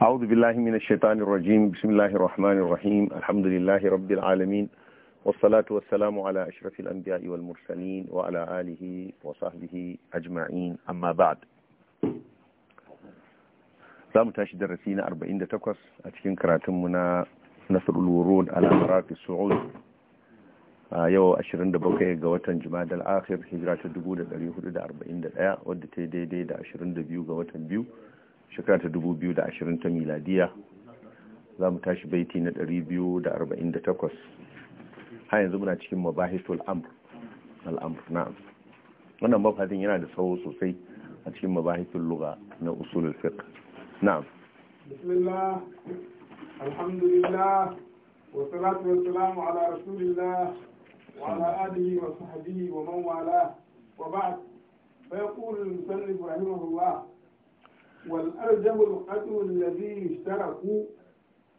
أعوذ بالله من الشيطان الرجيم بسم الله الرحمن الرحيم الحمد لله رب العالمين والصلاة والسلام على أشرف الأنبياء والمرسلين وعلى آله وصحبه أجمعين أما بعد za mu tashi darasi na 48 a cikin karatunmu na nasarul wurud ala marafi su'ud a yau 27 ga watan jumadal akhir hijira ta 1441 wadda ta yi daidai da 22 ga watan biyu shekara ta 2020 ta miladiya za mu tashi baiti na 248 har yanzu muna cikin mabahitul amr al'amr na'am wannan mafadin yana da tsawo sosai a cikin mabahitul lugha na usulul fiqh na'am bismillah alhamdulillah والصلاة والسلام على رسول الله وعلى آله وصحبه ومن والاه وبعد فيقول المسلم رحمه rahimahullah والأرجم القدر الذي اشتركوا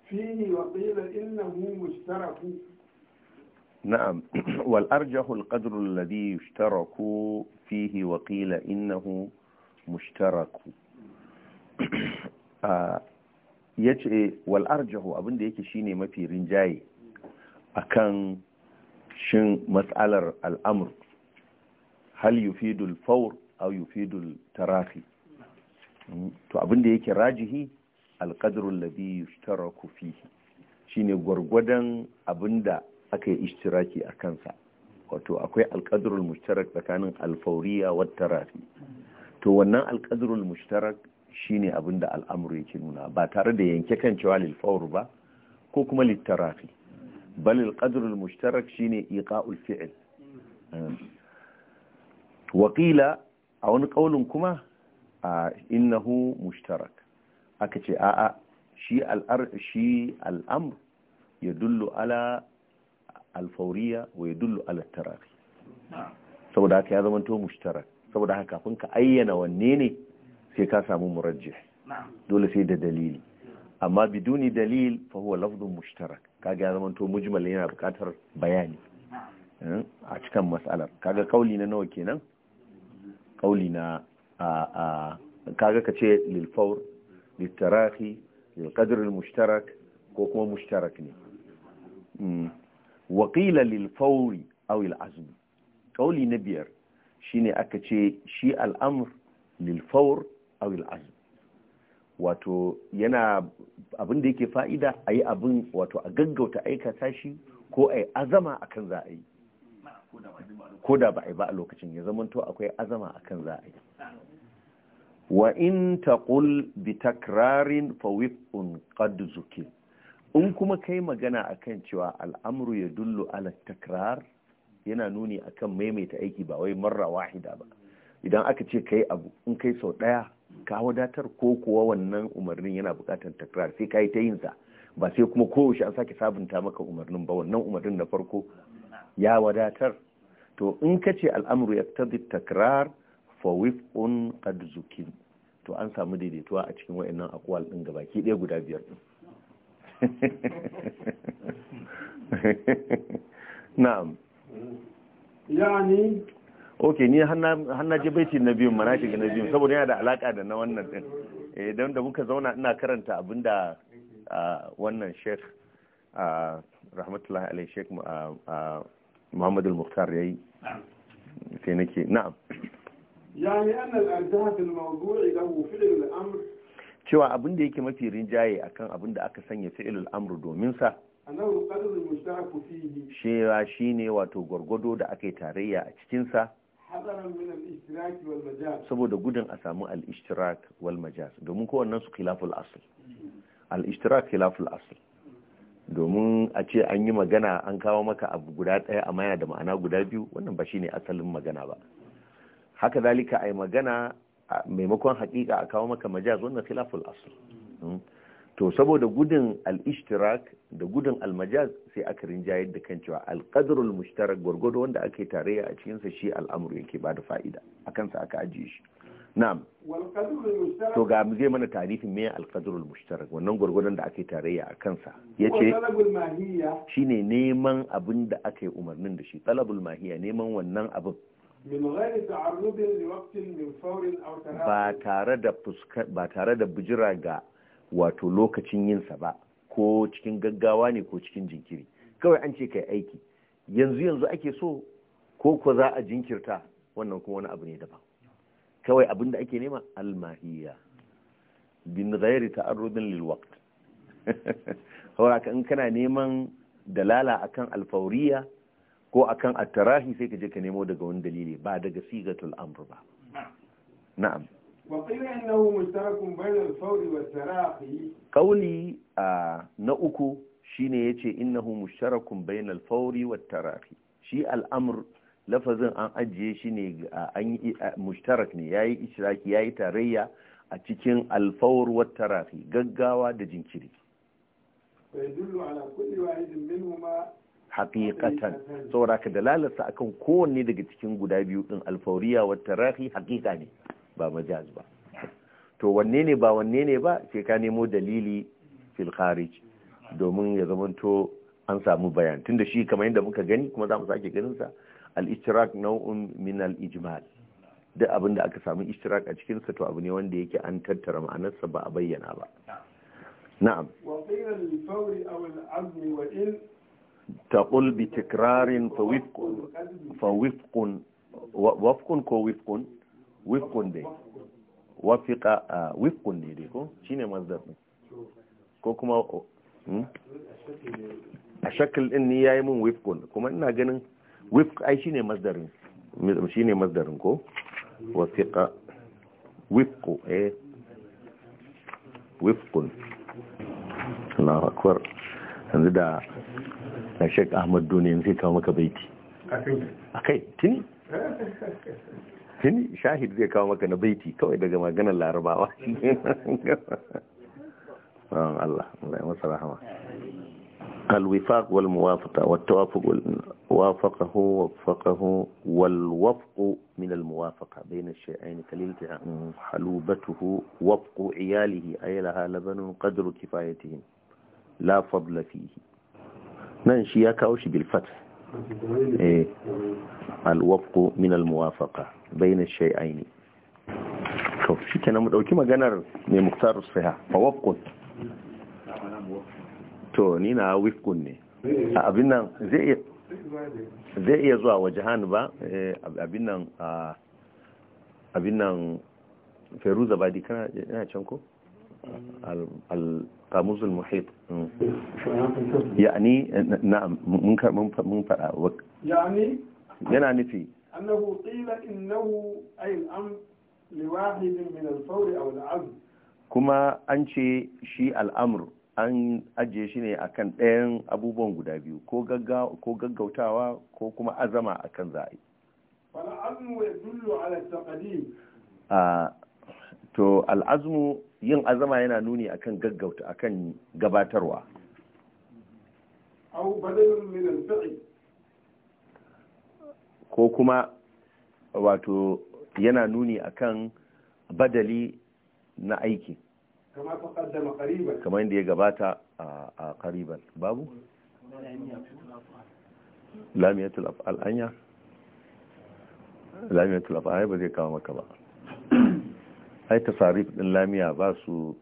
فيه وقيل إنه مشترك نعم والأرجح القدر الذي يشترك فيه وقيل إنه مشترك آه، يجئ والأرجح أبن ديك شيني ما في رنجاي أكان شن مسألة الأمر هل يفيد الفور أو يفيد التراخي to abinda yake rajihi alƙadarun labi yushtaraku fihi shine gwargwadon abinda aka yi ishtiraki a kansa wato akwai alƙadarun mushtarar tsakanin alfauriya wata rafi to wannan alƙadarun mushtarak shine abinda al'amuru yake nuna ba tare da yanke kan cewa lilfawar ba ko kuma littarafi bal alƙadarun mushtarak shine iƙa'ul fi'il um, wakila a wani ƙaunin kuma innahu mushtarak aka ce a'a shi al'ar shi dullo ala alfauriya wa yadullu ala tarafi saboda haka ya zama to mushtarak saboda haka kafin ka ayyana wanne ne sai ka samu murajjih dole sai da dalili amma biduni dalil fa huwa lafzun mushtarak kaga ya zama to mujmal yana bukatar bayani eh, a cikin mas'alar kaga kauli na nawa kenan kauli na A'a, kaga ka ce lilfaur littarahi lilkadirin mushtarak ko kuma mushtarak ne mm. wakila lilfauri awil azumi ƙauli na biyar shi ne aka ce shi al'amur lilfaur awil azumi wato yana abin da yake fa'ida a yi abin wato a gaggauta aikata shi ko a yi azama a kan za yi ko da ba a yi ba a lokacin ya zamanto akwai azama a kan za yi wa in taqul bi takrarin fa qad zukil in kuma kai magana akan cewa al'amru ya dullu ala takrar yana nuni akan maimaita aiki ba wai marra wahida ba idan aka ce kai abu in kai sau ɗaya, ka wadatar ko kuwa wannan umarnin yana bukatar takrar sai kai ta yin sa ba sai kuma kowace an sake sabunta maka umarnin ba wannan umarnin na farko ya wadatar to in ka ce al'amru ya takrar for fawif'un qad zukin to an samu daidaituwa a cikin wayannan akwal din gabaki ɗaya guda biyar din na'am yani ok ni hanna je baiti na biyun mana shiga na biyun saboda yana da alaka da na wannan din eh don da muka zauna ina karanta abinda wannan sheikh rahmatullahi alaihi sheikh muhammadul al-mukhtar yayi sai nake na'am يعني أن الأرجاح في الموضوع له فعل الأمر cewa abin da yake mafi rinjaye akan abin da aka sanya fi'ilul amru domin sa shewa shine wato gwargwado da aka yi tarayya a cikin sa saboda gudun a samu al-ishtirak wal majaz domin kowannen su khilaful asl al-ishtirak khilaful asl domin a ce an yi magana an kawo maka abu guda ɗaya a maya da ma'ana guda biyu wannan ba shine asalin magana ba haka zalika ai magana maimakon haƙiƙa a kawo maka majaz wannan khilaful asl hmm? to saboda gudun al-ishtirak da gudun al-majaz sai aka rinjayar da kan cewa al-qadrul mushtarak gurgudu wanda ake tarayya a cikin sa shi al'amuru yake ba da fa'ida akan sa aka ajiye shi na'am to ga zai mana tarifin me al-qadrul mushtarak wannan gurgudun da ake tarayya a kansa yace shine neman abin da aka yi umarnin da shi talabul mahiya neman wannan abin ba tare da fuska bujira ga wato lokacin yinsa ba ko cikin gaggawa ne ko cikin jinkiri kawai an ce kai aiki yanzu yanzu ake so ko ko za a jinkirta wannan kuma wani abu ne daban kawai abin da ake nema almahiya bin ghairi ta'arrudin lil waqt saboda in kana neman dalala akan alfauriya ko akan attarahi sai ka je ka nemo daga wani dalili ba daga sigatul amr ba na'am kauli na uku shine yace innahu mushtarakun bainal fawri wa tarahi shi al'amur lafazin an ajiye shi ne an yi mushtarak ne yayi ishraki yayi tarayya a cikin alfawar tarafi gaggawa da jinkiri ويدل على كل واحد منهما haƙiƙatan saboda ka dalalarsa akan kowanne daga cikin guda biyu ɗin alfauriya wa tarahi haƙiƙa ne ba majaz ba to wanne ne ba wanne ne ba sai ka nemo dalili fil domin ya zamanto an samu bayan tunda shi kamar yadda muka gani kuma za mu sake ganin sa al ishtirak nau'un min al ijmal duk abin da aka samu ishtirak a cikinsa to abu ne wanda yake an tattara ma'anarsa ba a bayyana ba na'am تقول بتكرار فوفق فوفق وفق كو وفق وفق دي وفق وفق دي دي ko kuma a shakil din ni yi mun wifkun kuma ina ganin wifq ai shine masdarin ko wafiƙa wifqu eh yanzu da na shek ahmad duniya zai kawo maka baiti a kai shahid zai kawo maka na baiti kawai daga maganar larabawa Allah zai masa rahama الوفاق والموافقة والتوافق وافقه وفقه والوفق من الموافقة بين الشيئين كالالتهام حلوبته وفق عياله أي لها لبن قدر كفايتهم la fadla fihi nan shi ya kawo shi bilfat. eh al wafqu min al muwafaqa bain al shay'ain to mu dauki maganar mai muktar siha fa wafqu to ni na wifqun ne abin nan zai zai iya zuwa hannu ba eh, abin nan ah, abin nan feruza ba di kana can ko القاموس المحيط يعني نعم من فدا يعني yana nufi kuma an shi al'amur an ajiye shi ne akan ɗayan abubuwan guda biyu ko gaggautawa ko kuma azama akan za a ah, to al'azmu yin azama yana nuni akan gaggauta akan gabatarwa ko kuma wato yana nuni akan badali na aiki kamar yadda ya gabata a kariban babu lamiyatul af'al anya lamiyatul af'al ba zai kawo maka ba ai tasarif din lamiya ba su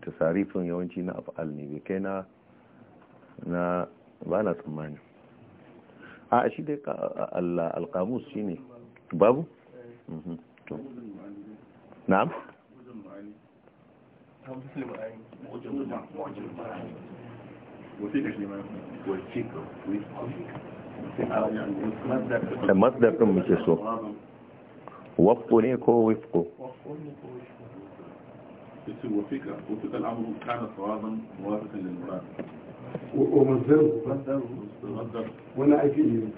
tasarifin yawanci na af'al ne bai kai na ba na tsammani a shi dai alkamus shi ne babu? Mhm. na'am? Eh, masdar ɗin muke so وفق نيكو وفقه وفيك وفيك الأمر كان صوابا موافقا للمراد ومصدره مصدره وانا اكيد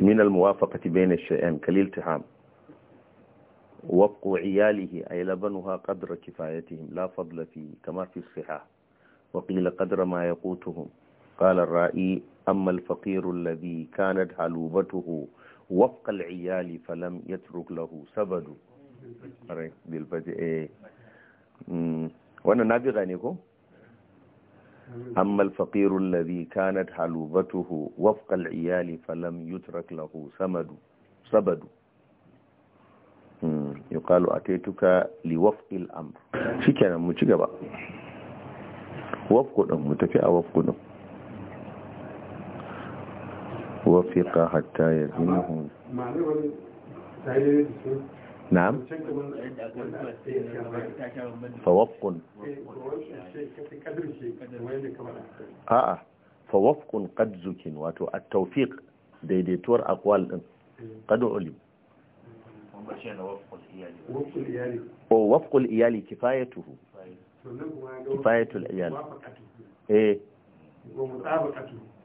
من الموافقة بين الشيئين كالالتحام وفق عياله أي لبنها قدر كفايتهم لا فضل فيه كما في الصحاح وقيل قدر ما يقوتهم قال الرائي أما الفقير الذي كانت حلوبته وفق العيال فلم يترك له سبد إيه. وانا نابغة نيكو أما الفقير الذي كانت حلوبته وفق العيال فلم يترك له سمد سبد taituka liwaf il'am. shi kenan mu ci gaba waf kudin mu tafi a kudin wafi ka hatta yazinuhu na'am fa a'a fa wafqun qad zukin wato a taufik daidaituwar akwal din kadu olim o wafqul iyali kifayatuhu kifayatul iyali eh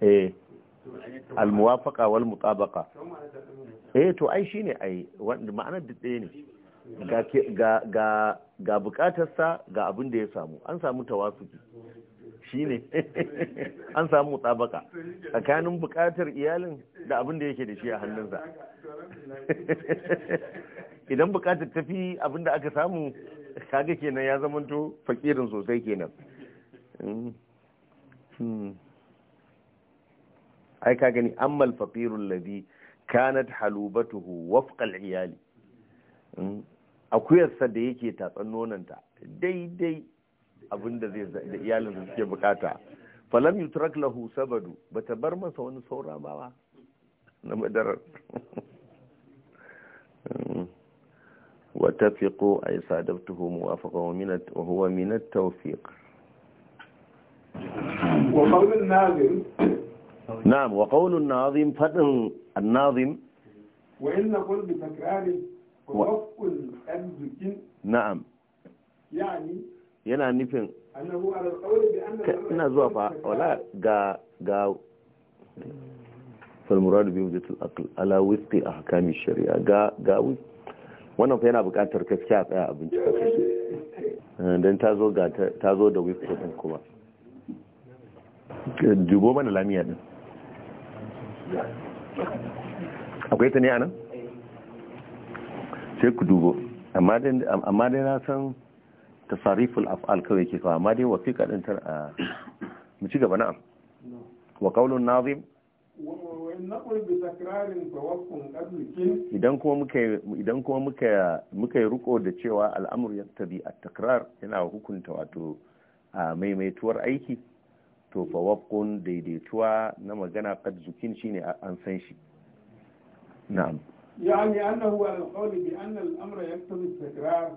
eh almuwafaqa wal mutabaqa eh to ai shine ai ma'anar da ne ga ga ga bukatarsa ga abin da ya samu an samu tawafuki ne an samu mutabaka tsakanin bukatar iyalin da abin da yake da shi a hannunsa idan bukatar tafi abin da aka samu kaga kenan ya zamanto fakirin sosai kenan hmm. Hmm. ai ka gani amma faqirul ladhi kanat halubatuhu wafqal iyali hmm. akuyarsa da yake tatsan nonanta daidai abin da zai da iyalin da suke bukata falam yutrak lahu sabadu bata bar masa wani saura ba na madarar وتفقوا أي صادفته موافقة وهو من التوفيق وقول الناظم نعم وقول الناظم فتن الناظم وإن قل بتكرار ووفق الأبزك نعم يعني yana nufin ina zuwa fa wala ga ga falmuradu biyu jatul akal ala wiski a hakami shari'a ga ga wannan fa yana buƙatar gaskiya a tsaya abinci ka kashe eh, don ta zo ga ta zo da wiski din kuma dubo mana lamiya din akwai ta ne anan sai ku dubo amma dai na san tasariful af'al kawai ke kawo amma dai wa din tar a ah, mu ci gaba na'am wa qaulun nazim idan kuma muka idan yi riko da cewa al'amur yaktabi at-takrar yana hukunta wato ah, maimaituwar aiki to fa waqqun daidaituwa na magana qad zukin shine an san shi na'am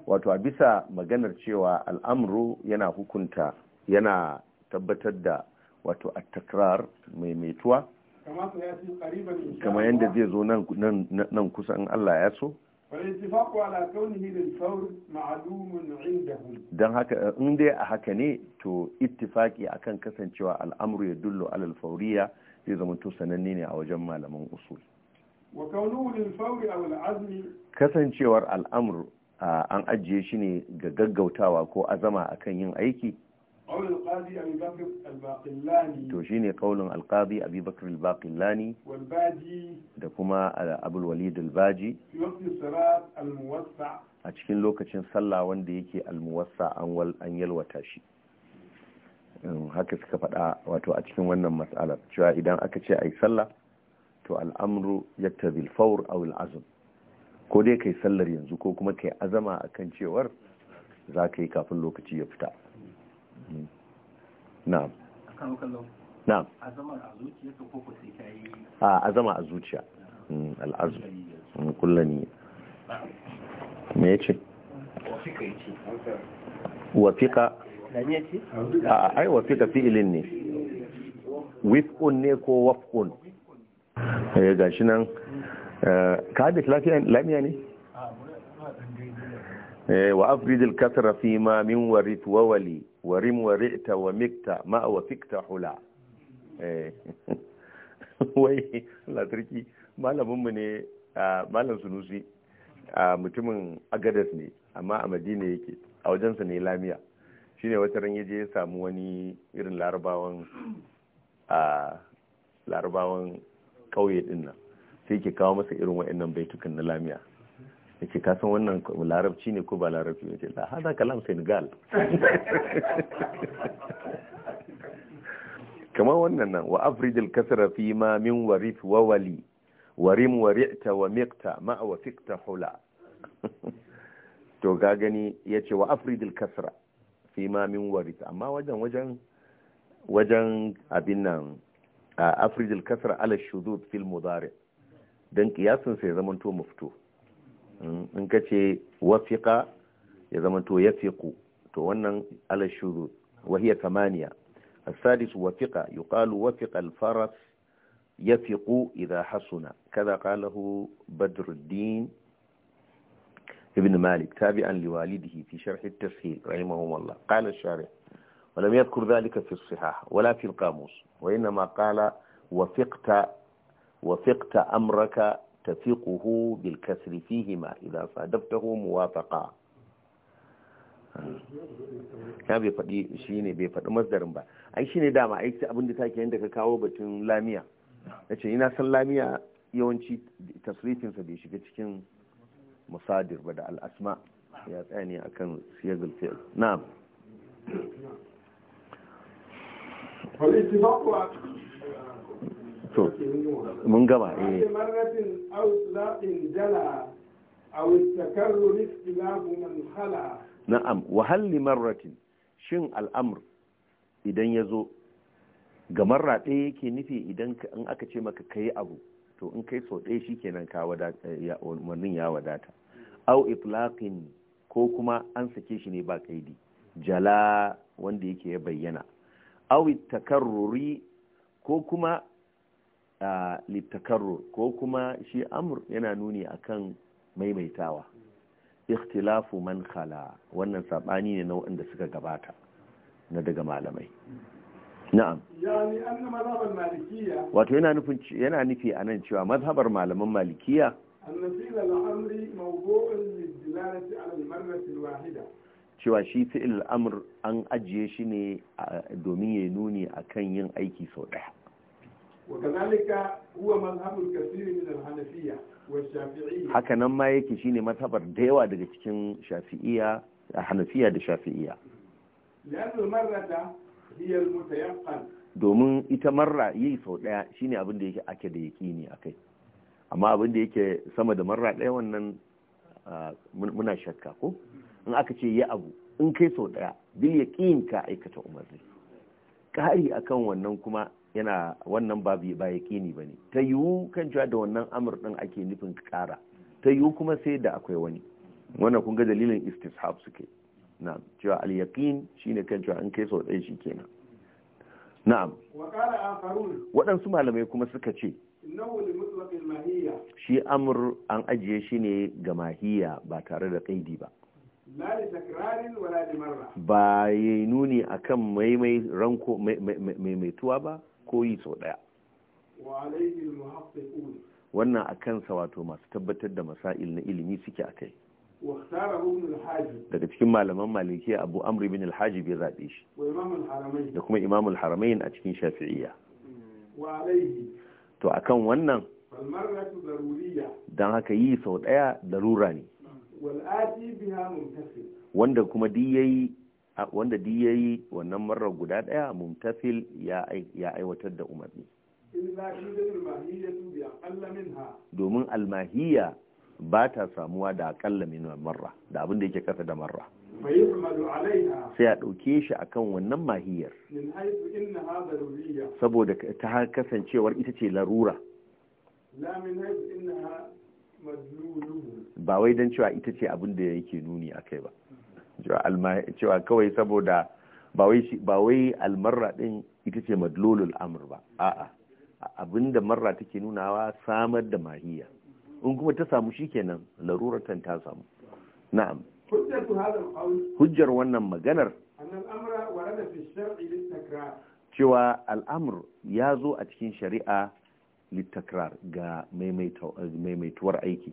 wato a bisa maganar cewa al'amru yana hukunta yana tabbatar da wato a takrar maimaituwa kama yadda zai zo nan kusa in Allah ya so don haka in dai a haka ne to ittifaki akan kasancewa al'amru ya dullo alalfauriya zai zama to sananne ne a wajen malaman usul kasancewar al'amur an ajiye shi ne ga gaggautawa ko azama akan yin aiki to shi ne ƙaunin alƙadi abubakar al da kuma abulwalid Albaji a cikin lokacin sallah wanda yake almuwassa an yalwata shi haka suka faɗa wato a cikin wannan matsalar cewa idan aka ce a yi sallah to al'amru ya tabil faur a al ko dai kai sallar yanzu ko kuma kai azama a kan cewar za ka yi kafin lokaci ya fita hmm. na'am na'am azama a zuciya ko ko sai kai a azama a zuciya hmm, al-azm hmm, me yace wafiƙa a ai wafiƙa fi'ilin ne wif'un ne ko waf'un ya eh, gashi nan eh, ka haddace lafiya ne eh, wa afridil kasra fi ma min warit wa wali warim warita wa mikta ma wa fikta hula wai latarki malaminmu ne malam sunusi mutumin agadas ne amma a madina yake a wajensa ne lamiya shine wata ran yaje ya samu wani irin larabawan larabawan kauye din nan sai ke kawo masa irin wa'annan baitukan na lamiya yace ka san wannan larabci ne ko ba larabci ne ce haza hada kalam senegal kamar wannan nan wa afrijil kasra fi ma min warith wa wali warim wari'ta wa miqta ma wa fiqta hula to ga gani yace wa afrijil kasra fi ma min warith amma wajen wajen wajen abin nan a afrijil kasar ala shudud fil mudari don kiyasin ya zaman to in ka ce wafiƙa ya zaman ya fiƙu to wannan ala shudud wahiya tamaniya السادس وفق يقال وفق الفرس يفق إذا حسن كذا kalahu بدر الدين malik tabi'an تابعا لوالده في شرح التسهيل رحمه الله قال الشارع ولم يذكر ذلك في الصحاح ولا في القاموس وإنما قال وفقت وفقت أمرك تفقه بالكسر فيهما إذا صادفته موافقا ya bai faɗi shi ne bai faɗi masdarin ba ai shi ne dama ai abin da take yadda ka kawo batun lamiya na ce ina san lamiya yawanci tasrifinsa bai shiga cikin musadir ba da al'asma ya tsaya ne akan siyagul fi'l na'am to mun gaba eh na'am wa halli shin al'amr idan ya zo ga marra ɗaya yake nufi idan in aka ce maka kai abu to in kai sau ɗaya shikenan ka wadata wannan eh, ya wadata au itlaqin ko kuma an sake shi ne ba kaidi jala wanda yake ya bayyana awi takarruri ko kuma littakarrur ko kuma shi amur yana nuni akan maimaitawa ikhtilafu man khala wannan sabani ne na waɗanda suka gabata na daga malamai na'am wato yana nufin yana nufi a nan cewa mazhabar malaman malikiya annasila al-amri mawdu'un lid al-marrati al-wahida cewa shi fi'il amur an ajiye shi ne domin ya nuni akan yin aiki sau ɗaya Hakanan huwa mazhabul kasiri min al ma yake shine matabar da yawa daga cikin shafi'iyya hanafiya da shafi'iyya domin ita marra yi sau ɗaya shine abin da yake ake da yaqini akai amma abin da yake sama da marra ɗaya wannan muna shakka ko in aka ce ya abu in kai sau daya bil yaqin ka aikata umarni kari akan wannan kuma yana wannan ba ba ne bane ta yiwu kan cewa da wannan amur din ake nufin kara ta yiwu kuma sai da akwai wani wannan kun ga dalilin istishab suke na'am cewa al yaqin shine kan cewa in kai sau daya shikenan na'am waɗansu malamai kuma suka ce shi amur an ajiye shi ne ga mahiya ba tare da kaidi ba ba ya yi nuni a kan maimai ranko maimaituwa ba ko yi sau ɗaya wannan a kan wato masu tabbatar da masail na ilimi suke a kai daga cikin malaman maliki abu amri bin alhaji bai zaɓe shi da kuma imamul haramain a cikin shafi'iyya to a kan wannan don haka yi sau ɗaya darura ne wanda kuma diyayi wanda yi wannan marar guda daya mumtafil ya aiwatar da umarni domin almahiya ba ta samuwa da akalla min marra da abin da yake kasa da marra sai a ɗauke shi a kan wannan mahiyar saboda ta har kasancewar ita ce larura ba wai don cewa ita ce abin da yake nuni a kai ba cewa kawai saboda ba wai almarra din ita ce madlolul amr ba a'a abin da marra take nunawa samar da mahiya in kuma ta samu shikenan laruratan ta samu na'am hujjar wannan maganar cewa al'amur ya zo a cikin shari'a littakrar ga maimaituwar aiki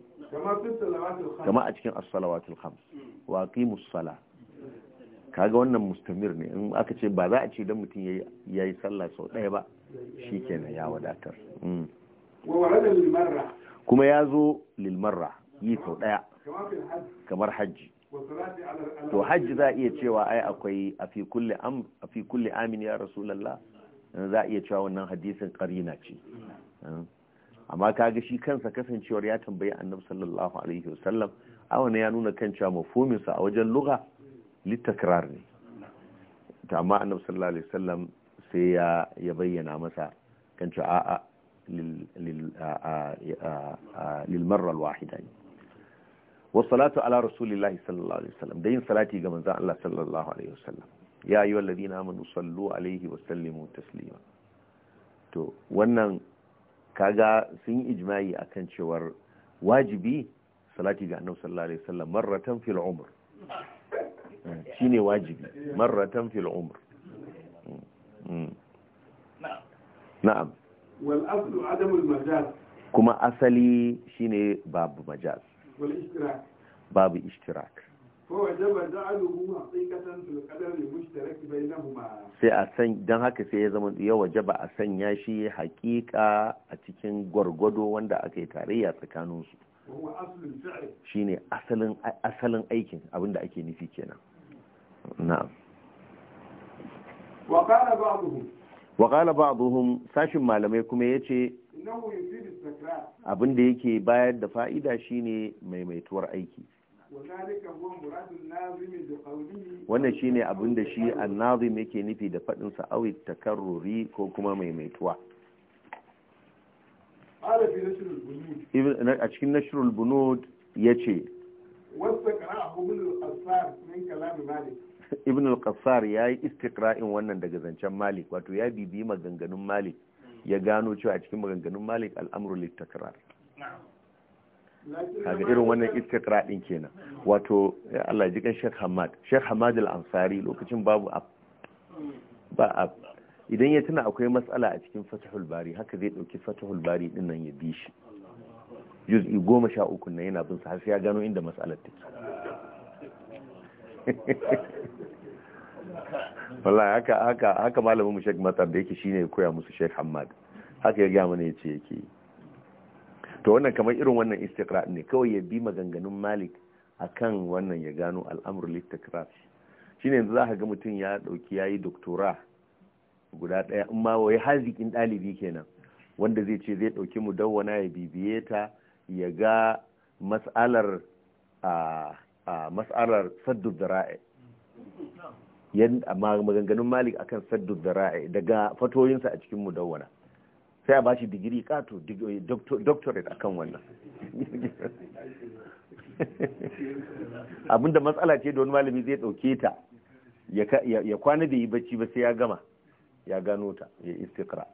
kama a cikin as khams wa aqimus sala kaga wannan mustamir ne in aka ce ba za a ce dan mutum yayi sallah sau ɗaya ba shikenan ya wadatar kuma ya zo lilmarra yi sau ɗaya kamar hajji to hajji za a iya cewa ai akwai a fi kulli amin ya rasulallah za a iya cewa wannan hadisin karina ce amma kaga shi kansa kasancewar ya tambayi annabi sallallahu alaihi wasallam awana ya nuna kan cewa mafuminsa sa a wajen luga littakirar ne ta amma annabi sallallahu alaihi wasallam sai ya ya bayyana masa kan cewa a'a lil lil marra alwahida Wasu salatu ala rasulillahi sallallahu alaihi wasallam da yin salati ga manzon Allah sallallahu alaihi wasallam ya yi wallazi na amanu sallu alaihi wasallimu taslima to wannan kaga sun ijma'i akan cewar wajibi salati ga annabi sallallahu alaihi wasallam marratan fil umr eh, shine wajibi marratan fil umr hmm, hmm. na'am wal aslu adam majaz kuma asali shine babu majaz wal ishtirak babu ishtirak فوجب جعله حقيقة في القدر المشترك بينهما sai a san don haka sai ya zama ya wajaba a sanya shi hakika a cikin gwargwado wanda aka yi tarayya tsakanin su shine asalin asalin aikin abinda ake nufi kenan na'am wa qala ba'dhum wa qala ba'dhum sashin malamai kuma yace abinda yake bayar da fa'ida shine maimaituwar aiki wannan shine abin da shi annazim yake nufi da faɗin sa awi takarruri ko kuma maimaituwa a cikin nashrul bunud ya ce ibn al-qassar ya yi istikra'in wannan daga zancen malik wato ya bibi maganganun malik ya gano cewa a cikin maganganun malik al'amru littakrar kaga irin wannan iska din kenan wato Allah ji kan Sheikh Hamad Sheikh Hamad al-Ansari lokacin babu ab ba ab idan ya tuna akwai matsala a cikin Fathul Bari haka zai dauki Fathul Bari din nan ya bi shi juz'i 13 ne yana bin sa har sai ya gano inda matsalar take wallahi haka haka haka malamin mu Sheikh Matar da yake shine ya koya musu Sheikh Hamad haka ya ga mana yace yake yi to wannan kamar irin wannan istiqra ne kawai ya bi maganganun malik akan wannan ya gano al'amur littakrar shine yanzu za ka ga mutum ya dauki yayi doktora guda ɗaya in ma wai hazikin ɗalibi kenan wanda zai ce zai dauki mudawwana ya bibiye ta ya ga mas'alar a mas'alar saddu dara'i maganganun malik akan saddu dara'i daga fatoyinsa a cikin mudawwana sai a ba shi digiri kato doctorate akan wannan abinda matsala ce wani malami zai dauke ta ya kwana da yi bacci ba sai ya gama ya gano ta ya istikra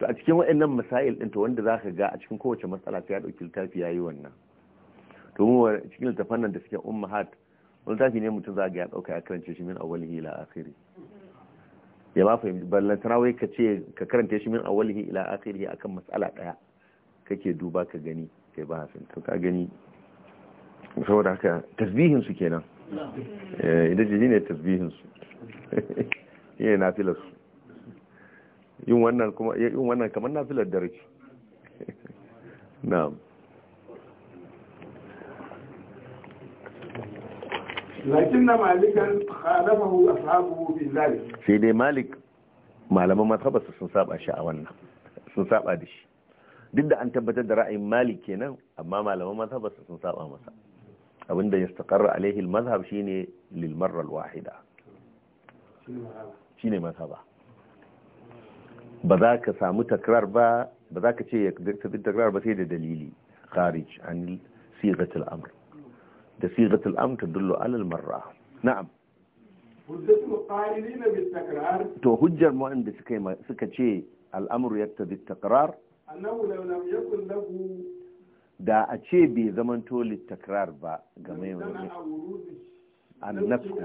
to a cikin waɗannan masail ɗin to wanda za ka ga a cikin kowace matsala sai ya ɗauki littafi ya yi wannan to mu cikin littafan nan da suke wani littafi ne mutum za ga ya ɗauka ya karance shi min awwalihi ila akhiri ya ba fahimci ballantana wai ka ce ka karanta shi min awalihi ila akhirihi akan matsala daya kake duba ka gani kai ba hafin to ka gani saboda haka tasbihin su kenan eh idan jiji ne tasbihin su yayin nafilar su yin wannan kuma yin wannan kamar nafilar dare na'am لكن مالكا خالفه أصحابه في ذلك سيدي مالك ما لما ما تخبص السنصاب أشاء وانا السنصاب أدش ضد أن تبت رأي مالك هنا أما ما لما ما تخبص السنصاب أمسا أو عند يستقر عليه المذهب شيني للمرة الواحدة شيني مذهب بذاك سامو تكرار با بذاك شيء تبت تكرار بسيدي دليلي خارج عن صيغة الأمر da sigatul am dullo alal marra na'am to hujjar mu'an da suka suka ce al'amru yaktabi takrar da a ce bai zamanto littakrar ba game da annasku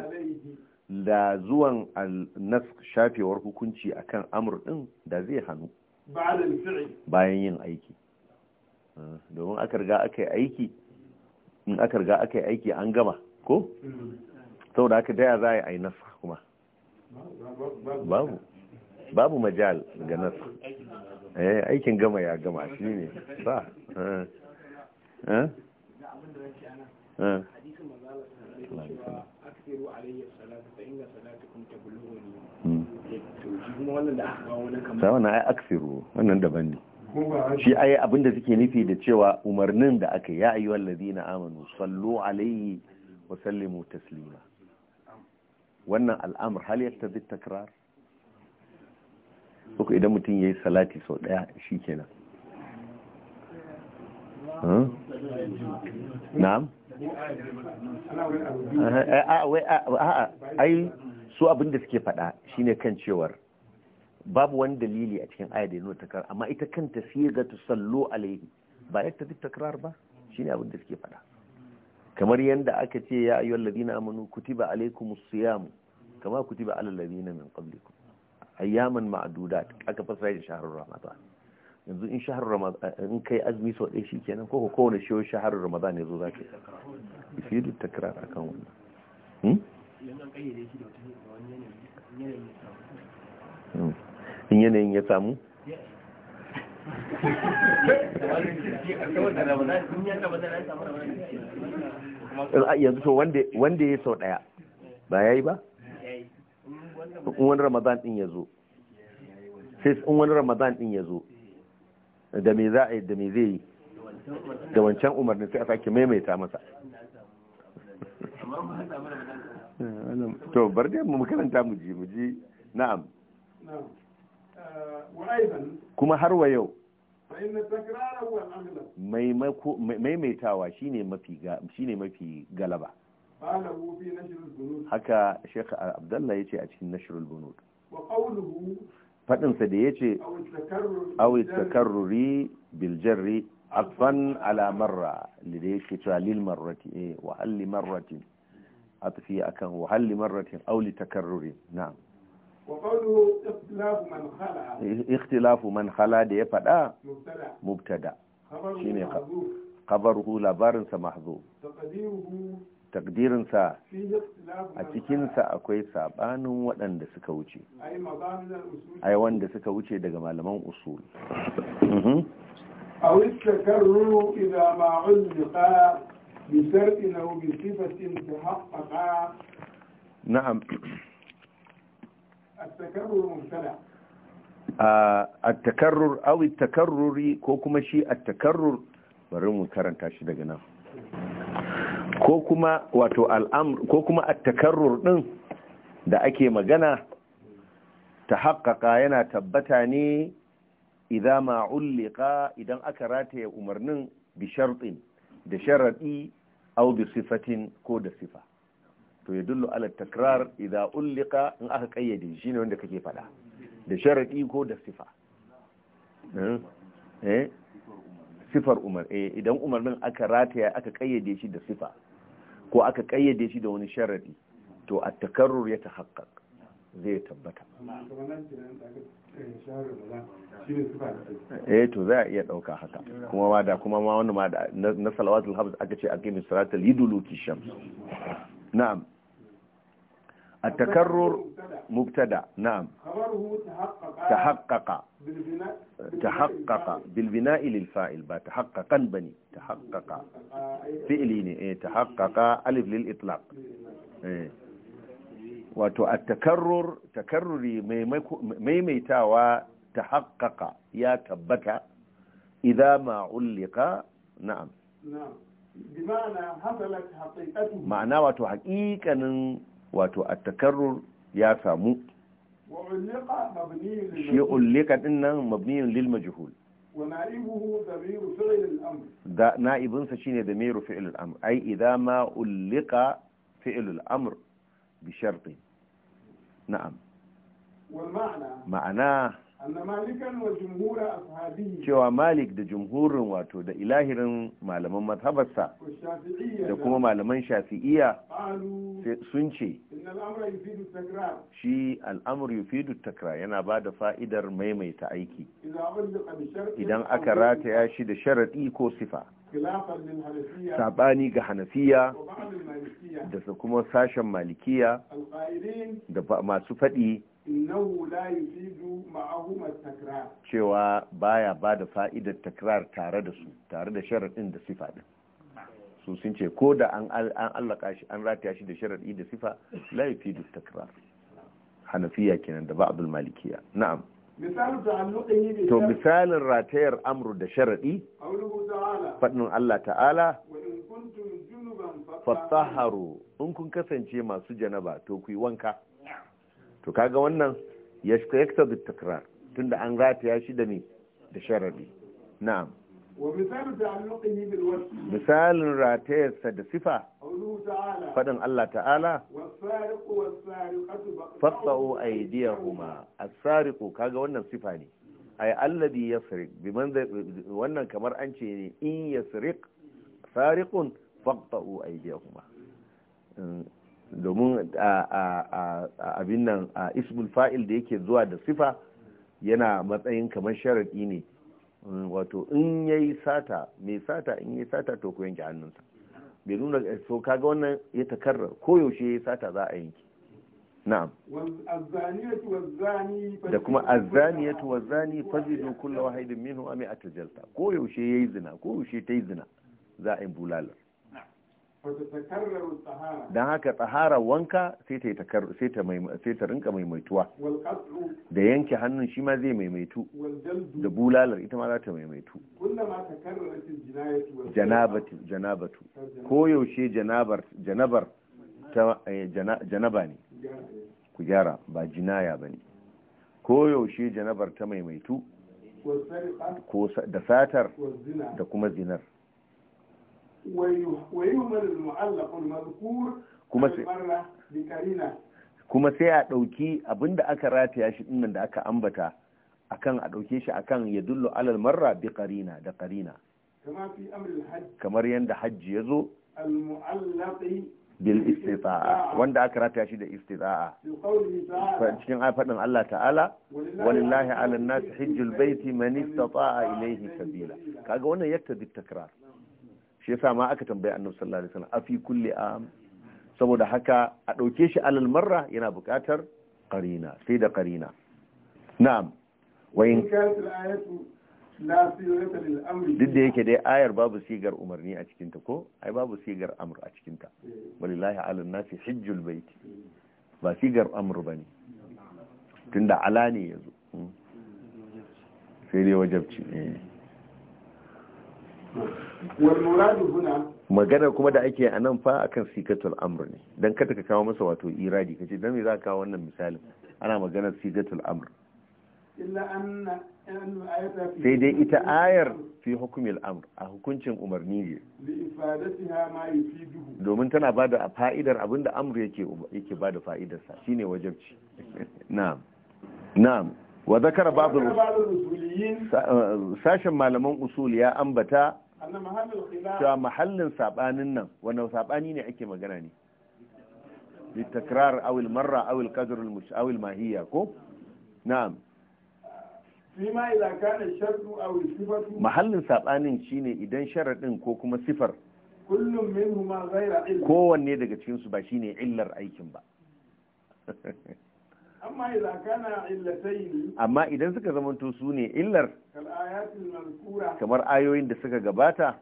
da zuwan annask shafewar hukunci akan amur din da zai hannu bayan yin aiki ah, domin aka riga aka yi aiki in aka riga aka yi aiki an gama ko saboda aka daya za a yi nasa kuma babu babu majal ga nasa eh, aikin gama ya gama shi ne ba eh. eh. hmm. sa wannan aksiru wannan daban ne shi ai abin da suke nufi da cewa umarnin da aka ya ayyuha allazina amanu sallu alaihi wa sallimu taslima wannan al'amur hal yaktabi takrar ko idan mutum yayi salati sau daya shikenan na'am ai su abin da suke faɗa shine kan cewar babu wani dalili a cikin aya da ya nuna takrar amma ita kanta ta sallo alaihi ba ya tafi takrar ba shi abin da suke faɗa kamar yadda aka ce ya ayyuhal ladina amanu kutiba alaikum siyamu kama kutiba alal ladina min qablikum ayyaman ma'dudat aka fasara da shahrur ramadan yanzu in shahar ramadan in kai azumi sau ɗaya shikenan ko kowane shiyo shahar ramadan ne zo za ka yi takrar akan wannan hmm? in yanayin ya samu yanzu to wanda ya sau daya ba ya yi ba? in wani ramadan din ya zo sai in wani ramadan din ya zo da me za a yi da me zai yi da wancan umarnin sai a sake maimaita masa to bar da mu karanta mu ji mu ji na'am kuma har wa yau maimaitawa shine mafi mafi galaba haka Sheikh Abdullah yace a cikin nashirul bunu faɗinsa da yace awi takarruri bil jarri afan ala marra da yake cewa lil marrati wahalli marratin atfi akan wa marratin auli takarruri na'am ikhtilafu man khala da ya faɗa mubtada shine khabaruhu labarinsa mahzu takdirinsa a cikinsa akwai sabanin waɗanda suka wuce ai wanda suka wuce daga malaman usul a أو التكرر إذا ما علق بشرط أو بصفة تحقق نعم التكرر أو التكرر كوكما شيء التكرر برمو كرنتا شي daga nan ko kuma wato al'amr ko kuma at-takarrur din da ake magana ta haƙaƙa yana tabbata ne idan ma ulliqa idan aka rataye umarnin bi shartin da sharadi aw bi sifatin ko da sifa to ya dullu ala takrar idan ullika in aka kayyade shi ne wanda kake fada da sharaɗi ko da sifa hmm? eh? sifar umar eh idan umar nan aka rataya aka kayyade shi da sifa ko aka kayyade shi da wani sharaɗi to a takarrur ya ta zai tabbata eh to za a iya ɗauka haka kuma ma da kuma ma wani ma da na salawatul habs aka ce a kai misratul hidulu kisham na'am التكرر مبتدا نعم تحقق تحقق بالبناء للفاعل با تحقق بني تحقق فعليني ايه تحقق الف للاطلاق ايه واتو التكرر تكرري ميميتاوا تحقق يا تبتا اذا ما علق نعم نعم بمعنى حصلت حقيقته معناه واتو حقيقه wato at-takarrur ya samu shi ullika dinnan mabniyun lil majhul da na'ibinsa shine da meru fi'il al-amr ai idza ma ullika fi'il al-amr bi shartin na'am ma'ana cewa malik da jumhurin wato da ilahirin malaman mazhabarsa da kuma malaman shafi'iya sun ce shi al'amur yufidu takra yana ba da fa'idar maimaita aiki idan aka rataya shi da sharaɗi ko sifa saɓani ga hanafiya da kuma sashen malikiya da masu faɗi innahu la yufidu ma'ahum at-takrar cewa baya bada fa'idar takrar tare da su tare da sharadin da sifa din su sun ce ko da an an allaka shi an rataya shi da sharadi da sifa la yufidu takrar hanafiya kenan da ba'dul malikiya na'am to misalin ratayar amru da sharadi fadin Allah ta'ala fattaharu in kun kasance masu janaba to ku yi wanka to kaga wannan ya kayakta da tun tunda an rataya shi da ne da sharari. na'am misalin ratayarsa da sifa faɗin Allah ta'ala faɗa'o a diya kuma a tsariku kaga wannan sifa ne a yi allabi ya sirik wannan kamar an ce ne in ya sirik tsarikun faɗa'o a diya kuma mm, domin abin nan a ismul fa'il da yake zuwa da sifa yana matsayin kamar sharaɗi ne mm, wato in ya yi sata mai sata in ya yi sata to ku yanke hannunsa bai nuna eh, so kaga wannan ya ko koyaushe ya yi sata za a yanke na'am da kuma azzaniyatu wazzani fazidu kullu wahidin minhu ami atajalta koyaushe yayi zina koyaushe ta yi zina za a yi bulalar don haka tsahara wanka sai ta sai ta rinka maimaituwa da yanke hannun shi ma zai maimaitu da bulalar ita ma za ta maimaitu janabatu janabatu ko yaushe janabar janabar ta eh, janaba ne ku gyara ba jinaya ba ne yaushe janabar ta maimaitu da satar da kuma zinar kuma sai a ɗauki abin da aka rataya shi ɗinnan da aka ambata akan a ɗauke shi akan ya dullo alal marra bi karina da karina kamar yadda hajji ya zo bil istita'a wanda aka rataya shi da istita'a cikin faɗin Allah ta'ala walillahi ala nasi hijjul baiti man istata'a ilayhi sabila kaga wannan yaktabi takrar shi yasa ma aka tambaye annabi sallallahu alaihi wasallam afi kulli am saboda haka a dauke shi alal marra yana buƙatar qarina sai da qarina na'am wa in duk da yake dai ayar babu sigar umarni a cikinta ko ai babu sigar amr a cikinta eh. walillahi ala nasi hijjul bait ba sigar amr bane tunda ala ne yazo hmm. sai dai wajabci eh magana kuma da ake a nan fa akan sigatul amr ne dan kada ka kawo masa wato iradi kace dan me za ka kawo wannan misalin ana maganar sigatul amr sai dai ita ayar fi hukumil amr a hukuncin umarni ne domin tana ba da fa'idar abinda amr yake ba da fa'idarsa shine wajen ci. na'am wa zakara babu eh, sashen malaman usul ya ambata cewa mahallin sabanin nan wannan sabani ne ake magana ne litakrar awil marra awil qadr awil mahiyya ko na'am fima ila kana shartu aw sifatu mahallin sabanin shine idan sharadin ko kuma sifar kullum minhuma ghayra illa kowanne daga cikin su ba shine illar aikin ba amma idan suka zamanto su ne illar kamar ayoyin da suka gabata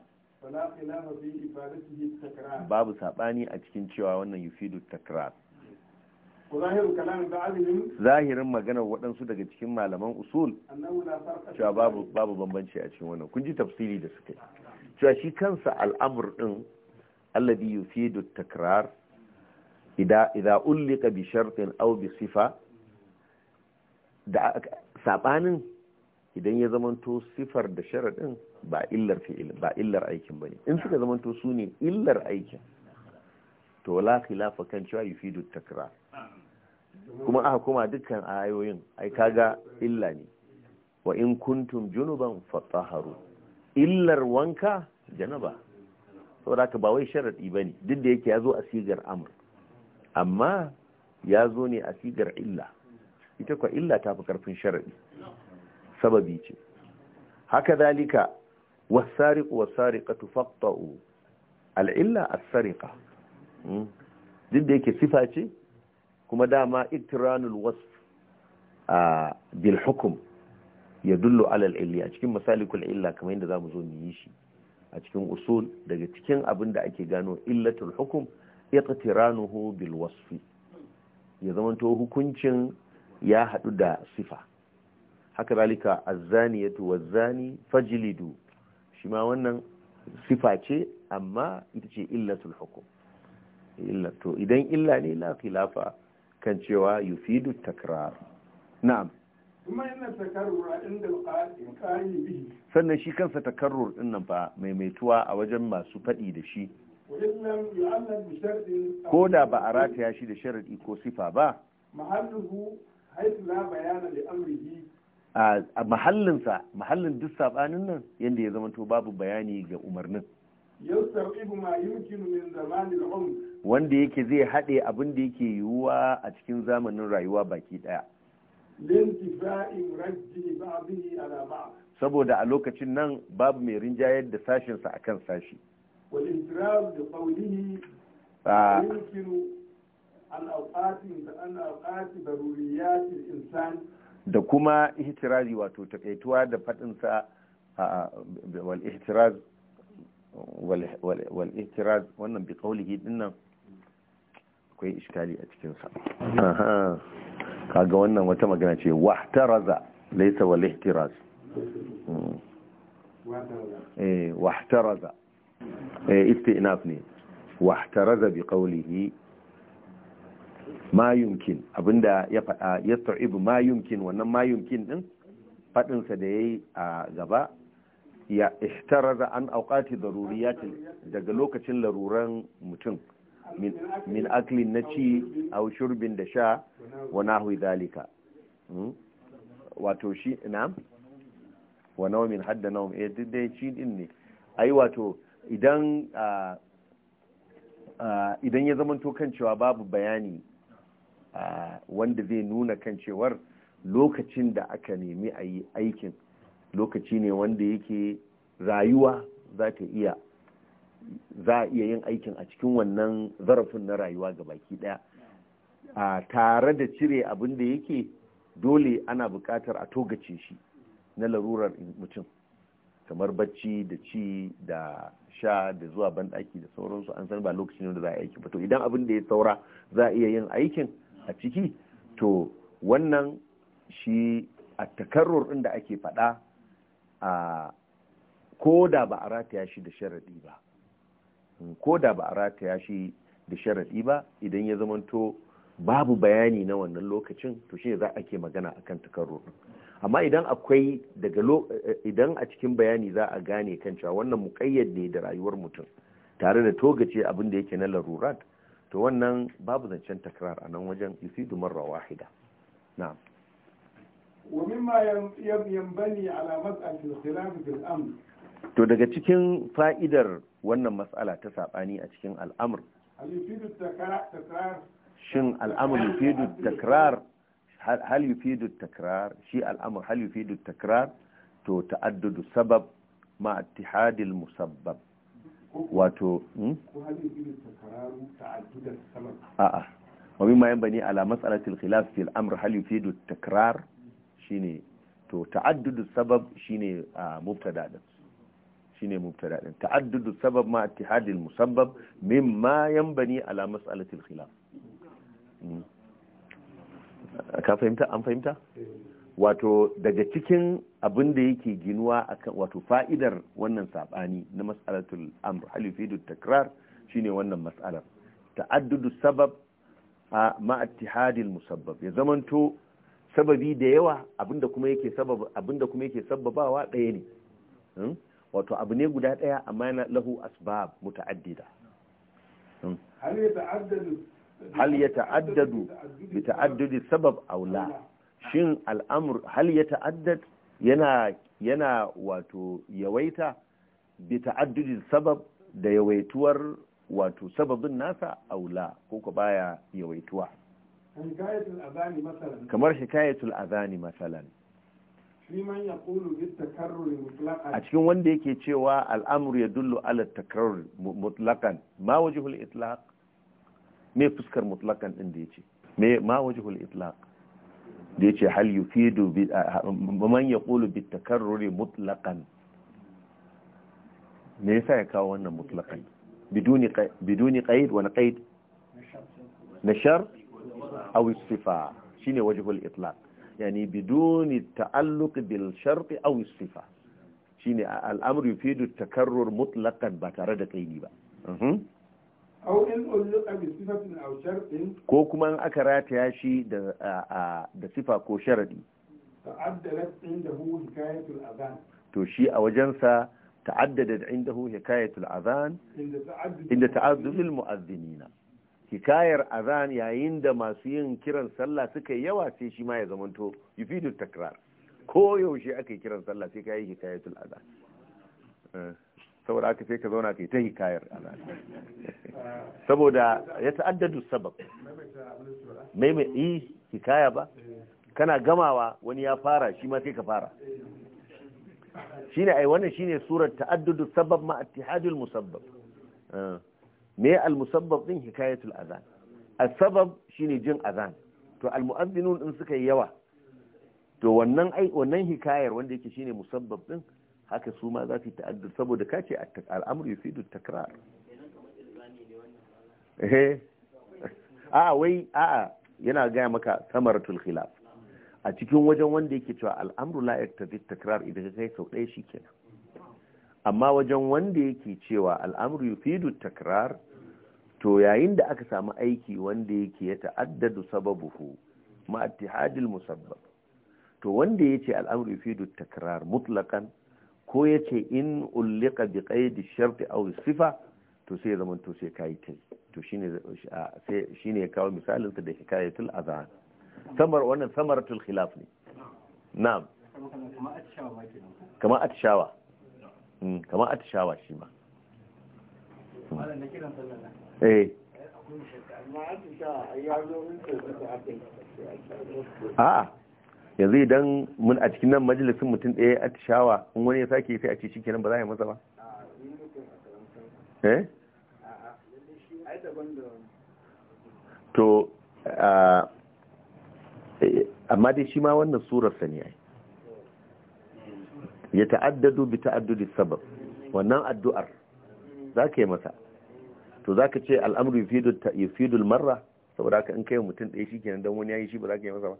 babu saɓani a cikin cewa wannan yufidu takrar zahirin maganar waɗansu daga cikin malaman usul cewa babu bambanci a cikin wannan kun ji tafsiri da suka yi cewa shi kansa al'amur ɗin alladhi yufidu takrar idza ulliqa bi shartin aw bi sifa da saɓanin idan ya zamanto sifar da sharaɗin ba illar fi'il ba illar aikin bane in suka zamanto su ne illar aikin to la khilafa kan cewa yufidu takrar kuma aka kuma dukkan ayoyin ai kaga illa ne wa in kuntum junuban fatahharu illar wanka janaba saboda ka ba wai sharadi bane duk da yake yazo a sigar amr amma yazo ne a sigar illa ita kwa illa ta fi ƙarfin sharaɗi. sababi ce haka zalika wasariqu wasariqatu faqta'u al'illa tsari ka. Hmm? duk da yake sifa ce kuma dama iktiranul wasf a bil hukum dullo ala illi a cikin masalikul illa kamar yadda zamu zo mu yi shi a cikin usul daga cikin abin da ake gano illatul hukum iqtiranuhu bil wasfi ya zamanto hukuncin ya haɗu da sifa haka zalika azzaniyatu wazzani fajlidu shi ma wannan sifa ce amma ita ce illatul hukum illa to idan illa ne la khilafa kan cewa yufidu takrar na'am kuma inna takarrura inda alƙari bihi sannan shi kansa takarrur din nan fa maimaituwa a wajen masu faɗi da shi ko da ba a rataya shi da sharadi ko sifa ba mahalluhu a mahallinsa mahallin duk sabanin nan yadda ya zama to babu bayani ga umarnin wanda yake zai haɗe abin da yake yiwuwa a cikin zamanin rayuwa baki ɗaya saboda a lokacin nan babu mai rinjayar da sashensa kan sashi da kuma ihtirazi wato takaituwa da fadinsa wal ihtiraz wal ihtiraz wannan bi qawlihi dinnan akwai iskali a cikin sa kaga wannan wata magana ce wahtaraza laysa wal ihtiraz hmm. eh wahtaraza eh istinaf ne wahtaraza bi qawlihi ma yunkin abinda ya faɗa ya ta'ibu ma yunkin wannan ma yunkin din faɗinsa da ya yi a gaba ya ishtarar an auƙati ruriyatin daga lokacin laruran mutum min aklin na ci a shurbin da sha wa hui dalika hmm? wato shi na wa min hadda naumin eh duk dai shi din ne ai wato idan idan ya zamanto kan cewa babu bayani wanda zai nuna kan cewar lokacin da aka nemi a yi aikin lokaci ne wanda yake rayuwa za ta iya za a iya yin aikin a cikin wannan zarafin na rayuwa ga baki daya a tare da cire abin da yake dole ana bukatar a togace shi na larurar mutum kamar bacci da ci da sha da zuwa banɗaki da sauransu an san ba lokacin da za a aiki ba to idan abin da ya saura za a iya yin aikin a ciki to wannan shi a takarrur ɗin da ake faɗa a ko da ba a rataya shi da sharaɗi ba ko da ba a rataya shi da sharaɗi ba idan ya zamanto babu bayani na wannan lokacin to shi za a ke magana akan takarrur amma idan akwai daga idan a cikin bayani za a gane kan cewa wannan muƙayyad ne da rayuwar mutum tare da togace abin da yake na larurat to wannan babu zancen takrar a nan wajen yusidu marra wahida na'am ومما ينبني على مسألة الخلاف في الأمر to daga cikin fa'idar wannan matsala ta saɓani a cikin al'amur shin al'amur yufidu takrar hal yufidu takrar shi al'amur hal yufidu takrar to ta'addudu sabab ma attihadil musabbab wato hmm? a'a wa mimma yanbani ala mas'alatil khilaf fil amr hal yufidu takrar shine to ta'addudu sabab shine mubtada din shine mubtada din ta'addudu sabab ma ittihadil musabbab mimma yanbani ala mas'alatil khilaf hmm. ka fahimta an fahimta eh. wato daga cikin abin da yake ginuwa akan wato fa'idar wannan saɓani na mas'alatul amr hal takrar shine wannan mas'alar ta'addudu sabab a ma'attihadil musabbab ya zamanto sababi da yawa abinda kuma yake sabab abinda kuma yake sababawa ɗaya ne hmm? wato abu ne guda ɗaya amma yana lahu asbab muta'addida hmm? hal ya ta'addadu bi ta'addudi sabab aula shin al'amur hal ya ta'addad yana yana wato yawaita bi ta'addudin sabab da yawaituwar wato sababin nasa aula ko ko baya yawaituwa kamar hikayatul azani masalan a cikin wanda yake cewa al'amur ya dullu ala takarrur mutlakan ma wajihul itlaq me fuskar mutlakan din da yace me ma wajihul itlaq da yace hal yufidu man yaqulu bit takarruri mutlaqan me yasa ya kawo wannan mutlaqan biduni biduni qaid wa qaid nashar aw istifa shine wajhul itlaq yani biduni ta'alluq bil shart aw istifa shine al-amru da takarrur mutlaqan ba tare da qaidi ba mhm. ko kuma aka rataya shi da sifa ko sharadi to shi a wajensa ta'addada indahu hikayatul azan inda ta'addudul mu'azzinina hikayar azan yayin da masu yin kiran sallah suka yi yawa sai shi ma ya zamanto yufidu takrar ko yaushe aka yi kiran sallah sai ka yi hikayatul azan eh. saboda aka ce ka zauna ke ta hikayar saboda ya ta'addadu sabab mai mai yi hikaya ba kana gamawa wani ya fara shi ma sai ka fara ne ai wannan ne surar ta'addudu sabab ma ittihadul musabbab me al musabbab din hikayatul azan al sabab ne jin azan to al mu'azzinun din suka yi yawa to wannan ai wannan hikayar wanda yake shine musabbab din haka su ma za su yi saboda ka ce al'amur yufidu takrar eh a wai a yana gaya maka samar a cikin wajen wanda yake cewa al'amru ta zai takrar idan ka kai sau ɗaya shi shikenan amma wajen wanda yake cewa al'amru yufidu takrar to yayin da aka samu aiki wanda yake ya ta'addadu sababuhu ma ittihadil musabbab to wanda yace al'amru yufidu takrar mutlaƙan. ko ya ce in ullika bi qaidi sharti aw sifa to sai zaman to sai kai tai to shine sai shine ya kawo misalin da hikayatul azan samar wannan samaratul khilaf ne na'am kama atshawa kama atshawa hmm, shi ma hmm. eh a yanzu idan mun a cikin nan majalisun mutum ɗaya a tishawa in wani ya sake sai a ce kenan ba za a yi masa ba eh? to amma dai shi ma wannan surarsa ne ya ta'addadu bi ta'addudi sabab wannan addu'ar za ka yi masa to za ka ce al'amru yufidul marra saboda haka in kai mutum ɗaya shi kenan don wani ya yi shi ba za ka yi masa ba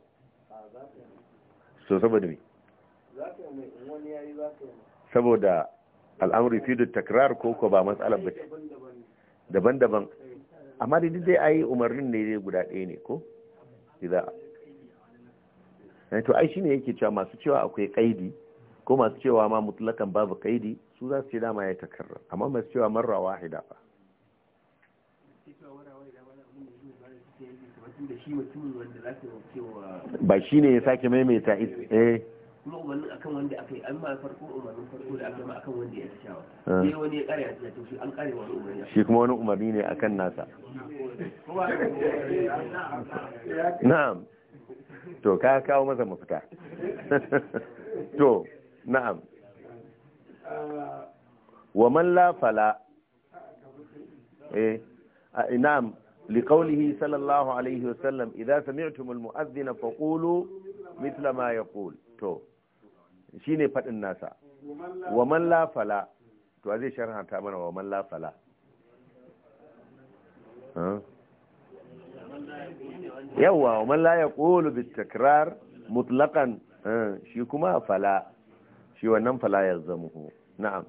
so saboda mai saboda al'amri fi takrar ko ko ba matsalar ba daban-daban amma da duk dai ayi umarnin ne dai guda ɗaya ne ko idan to ai shine yake cewa masu cewa akwai kaidi ko masu cewa ma mutlakan babu kaidi su za su ce dama ya takarar amma masu cewa marra wahida ba tunda shi mutumin wanda za ka cewa ba shi ne ya sake maimaita eh kuma umarnin akan wanda aka yi an ma farko umarnin farko da aka akan wanda ya ah. sai wani ya kare shi an kare wani umarni shi kuma wani umarni ne akan nasa na'am to ka kawo masa mafita to na'am wa man la fala eh na'am لقوله صلى الله عليه وسلم إذا سمعتم المؤذن فقولوا مثل ما يقول تو شيني فت الناس ومن لا فلا تو هذه شرحة تامنا ومن لا فلا ها yawa man la ya ƙolo bitakrar mutlaƙan shi kuma fala shi wannan fala ya zama na'am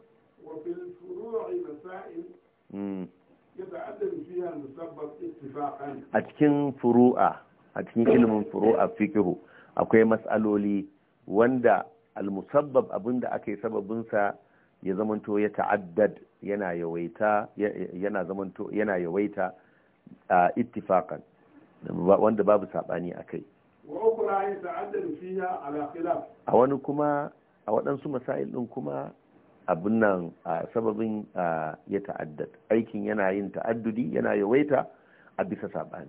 a cikin furu'a a cikin ilimin furu'a fikihu akwai matsaloli wanda almusabbab abinda aka yi sababinsa ya zamanto ya ta'addad yana yawaita yana zamanto yana yawaita a ittifaqan wanda babu sabani akai a wani kuma a waɗansu masail ɗin kuma abin nan sababin ya ta'addad aikin yana yin ta'addudi yana yawaita a bisa saɓani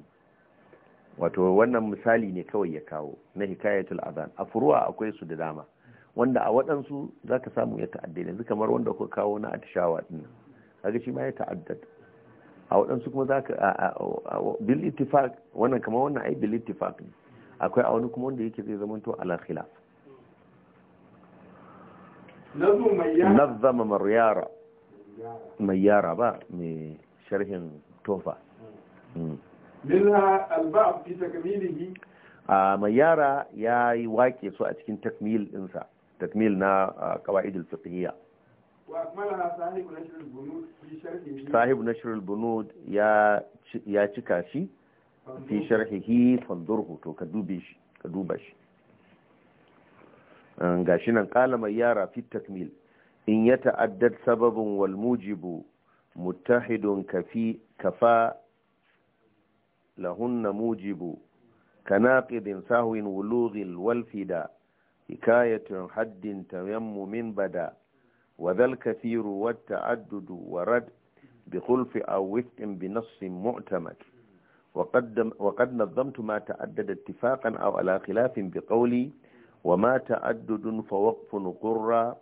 wato wannan misali ne kawai ya kawo na hikayatul azan a furuwa akwai su da dama wanda a waɗansu za ka samu ya ta'addad yanzu kamar wanda kuka kawo na atishawa ɗin kaga shi ma ya ta'addad a waɗansu kuma za ka bil ittifaq wannan kamar wannan ai bil ittifaq ne akwai a wani kuma wanda yake zai zamanto ala khilaf nazama maryara mayyara ba mai sharhin tofa hmm. Hmm. A mayara ya yi wake su a cikin takmil ɗinsa takmil na qawaid al-fiqhiyya sahib nashr al-bunud ya cika shi fi sharhihi fandurhu to ka dube ka duba shi gashi nan kala mai yara fi takmil in ya ta'addad sababin wal mujibu muttahidun kafi كناقض سهو ولوغ والفدا حكاية حد تيم من بدا وذا الكثير والتعدد ورد بخلف أو وفق بنص معتمد وقد, وقد نظمت ما تعدد اتفاقا أو على خلاف بقولي وما تعدد فوقف قرة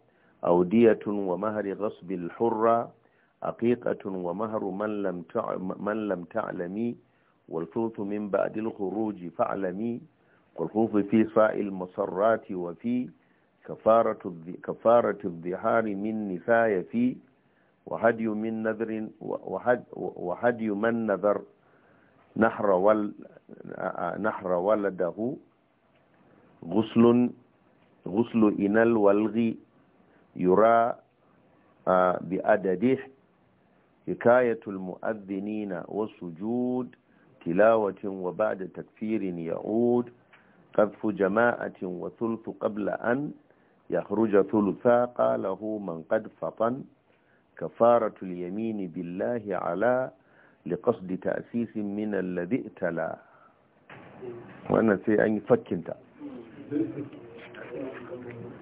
أو دية ومهر غصب الحرة أقيقة ومهر من لم من لم تعلمي والثلث من بعد الخروج فاعلمي والخوف في فاء المصرات وفي كفارة كفارة الظهار من نفاية في وهدي من نذر وهدي من نذر نحر ول نحر ولده غسل غسل إن الولغ يرى آه، بأدده حكاية المؤذنين والسجود تلاوة وبعد تكفير يعود قذف جماعة وثلث قبل أن يخرج ثلثا قاله من قد فطن كفارة اليمين بالله على لقصد تأسيس من الذي ائتلى وأنا في أن يفكنت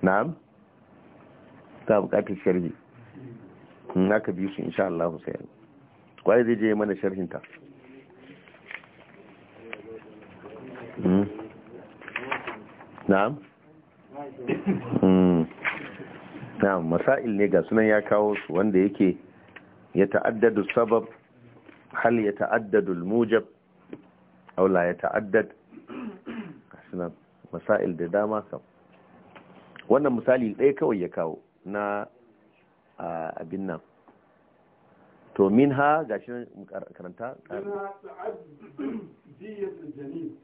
na'am ta bukatar sharhi in aka bi su insha Allah sai kwaye zai je mana sharhinta? Hmm? na'am hmm. na'am masail ne ga sunan ya kawo su wanda yake ya ta'addadu sabab hal ya ta'addadu al-mujab aw la ya ta'addad masail da dama kam wannan misali ɗaya kawai ya kawo na abin nan to min ha ga shi karanta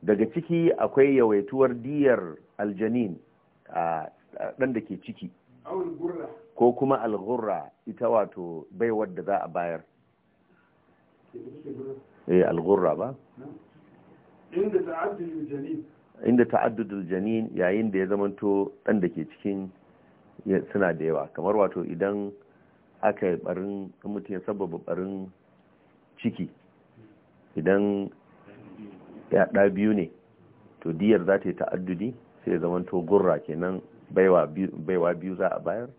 daga ciki akwai yawaituwar diyar aljanin a ɗan da ke ciki ko kuma algurra ita wato bai wadda za a bayar eh algurra ba inda inda ta'addudul janin yayin da ya zamanto dan da ke cikin suna da yawa kamar wato idan aka yi barin mutum ya sababa barin ciki idan ya biyu ne to diyar za ta yi ta'addudi sai zamanto gurra kenan baiwa biyu za a bayar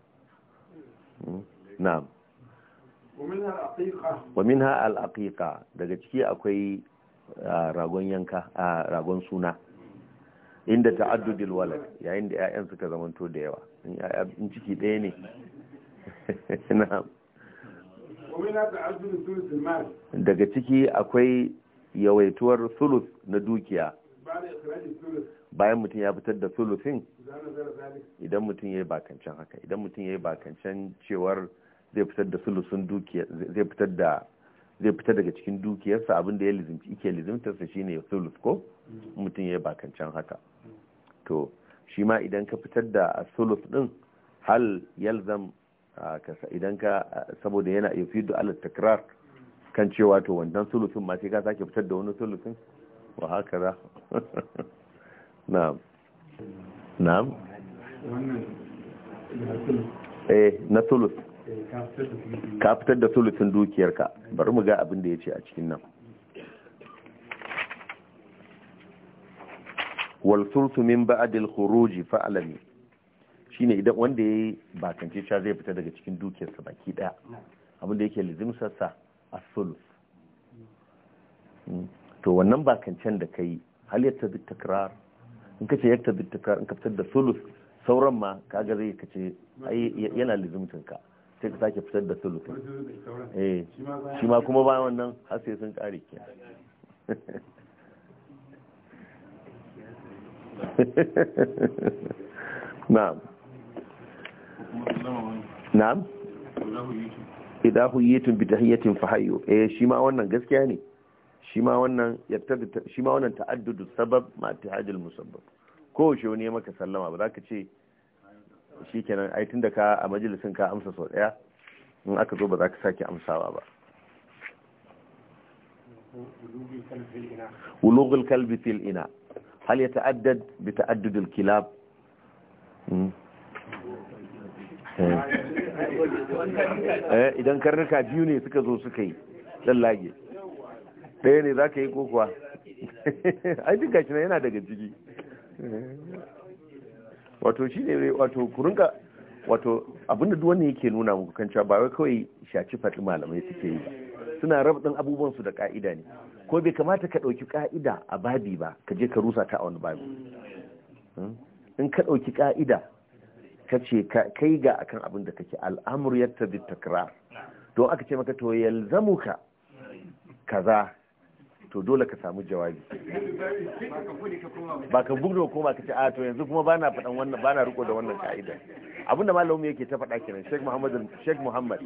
hmm? na waminha ha daga ciki akwai ah, ragon yanka ah, ragon suna inda ta'addudil walad yayin da ƴaƴan suka zamanto da yawa in ciki ɗaya ne na'am daga ciki akwai yawaituwar sulus na dukiya bayan mutum ya fitar da sulusin idan mutum ya yi bakancan haka idan mutum ya yi bakancan cewar zai fitar da sulusin dukiya zai fitar da zai fita daga cikin dukiyarsa abin da ya lizimci ike lizimtarsa shi ne thuluth ko mutum ya bakancan haka to shi ma idan ka fitar da sulus din hal yalzam idan ka saboda yana yufidu ala takrar kan cewa to wannan sulusun ma sai ka sake fitar da wani sulusun wa haka za na'am na'am eh, na sulus ka fitar da sulusun dukiyarka bari mu ga abin da ya ce a cikin nan walsulsu min ba'adil khuruji fa'alami shine idan wanda yayi bakance cha zai fita daga cikin dukiyarsa baki daya abin da yake lizimsarsa a sulus to wannan bakancen da kai hal yatta bi takrar in kace yatta bi takrar in ka fitar da sulus sauran ma kaga zai kace ai yana lizimtinka sai ka sake fitar da sulusun eh, shi ma kuma bayan wannan har sai sun kare ke na'am na'am idan huyitin bi tahiyatin fa hayyu eh shi ma wannan gaskiya ne shi ma wannan yartabi shi ma wannan ta'addudu sabab ma tihadil musabbab ko shi wani ya maka sallama ba za ka ce shi kenan ai tun da ka a majalisin ka amsa sau ɗaya in aka zo ba za ka sake amsawa ba wulugul kalbi fil ina hal ya ta'addad bi ta'addudil kilab hmm. eh, eh, idan karnuka biyu ne suka zo suka yi lallage ɗaya ne za ka yi ko kuwa ai duk gashi yana daga ciki wato shi ne wato kurinka wato abinda duk wanda yake nuna muku kan cewa ba wai kawai shaci faɗi malamai suke yi ba suna rabɗin abubuwan su da ka'ida ne ko bai kamata ka ɗauki ka'ida a babi ba ka je ka rusa ta a wani babi in ka ɗauki ka'ida ka ce kai ga akan abin da kake al'amur yadda takrar don aka ce maka to yalzamuka kaza to dole ka samu jawabi ba ka bugu da koma ka ce a to yanzu kuma bana faɗan wannan bana riko da wannan ka'ida abinda malamu yake ta faɗa kenan Sheikh Muhammad Sheikh Muhammad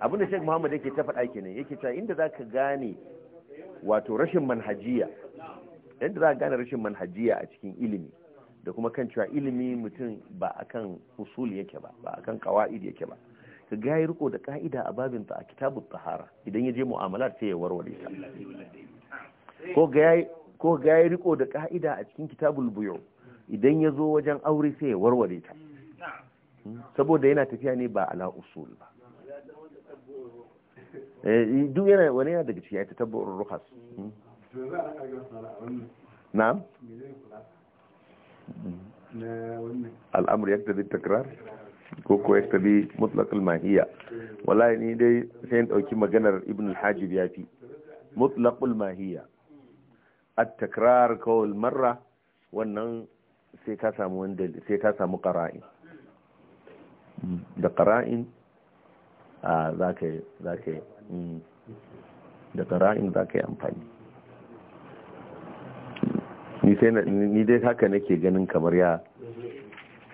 abinda Sheikh Muhammad yake ta faɗa kenan yake cewa inda zaka gane wato rashin manhajiya inda zaka gane rashin manhajiya a cikin ilimi da kuma kan cewa ilimi mutum ba akan usul yake ba ba akan qawaid yake ba ka gayi riko da ka'ida a babinta a kitabun tahara idan ya je mu'amalar sai ya warware ta ko gayi riko da ka'ida a cikin kitabun buyo idan ya zo wajen aure sai ya warware ta hmm? saboda yana tafiya ne ba ala usul ba eh, duk yana wani yana daga cikin ya ta tabbatar rukas hmm? na'am hmm. al'amur yadda zai takrar ko ko ya tabi mutlaqul mahiya. wallahi ni dai sai in dauki maganar ibn al-hajib yafi mutlaqul mahiya. at-takrar kawl marra wannan sai ka samu wanda sai ka samu qara'in da qara'in a zaka zaka mm. da qara'in zaka yi amfani ni sai ni dai haka nake ganin kamar ya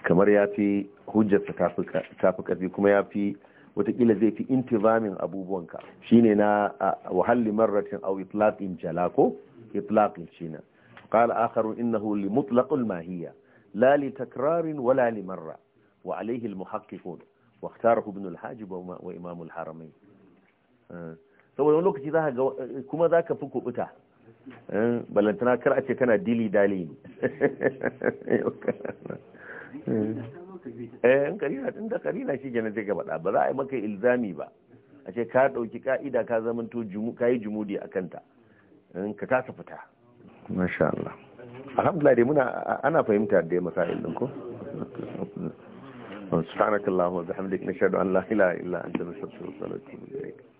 kamar ya fi hujjarsa ta fi ƙarfi kuma ya fi watakila zai fi intizamin abubuwanka shine na wahalli marratin au itlaqin jalako itlaqin shine qala akharu innahu li mutlaqil mahiyya la li takrarin wala li marra wa alayhi al muhaqqiqun wa ikhtarahu ibn al hajib wa imam al haramain eh, saboda wani lokaci zaka eh, kuma zaka fi kubuta eh, balantana kar a ce kana dili dali eh in karina din da karina shi kenan sai ka faɗa ba za a yi maka ilzami ba a ce ka dauki ka'ida ka zamanto ka yi jumudi a kanta in ka kasa fita masha Allah alhamdulillah dai muna ana fahimta da masail din ko subhanakallahu wa bihamdika nashhadu an la ilaha illa anta nastaghfiruka wa natubu ilayk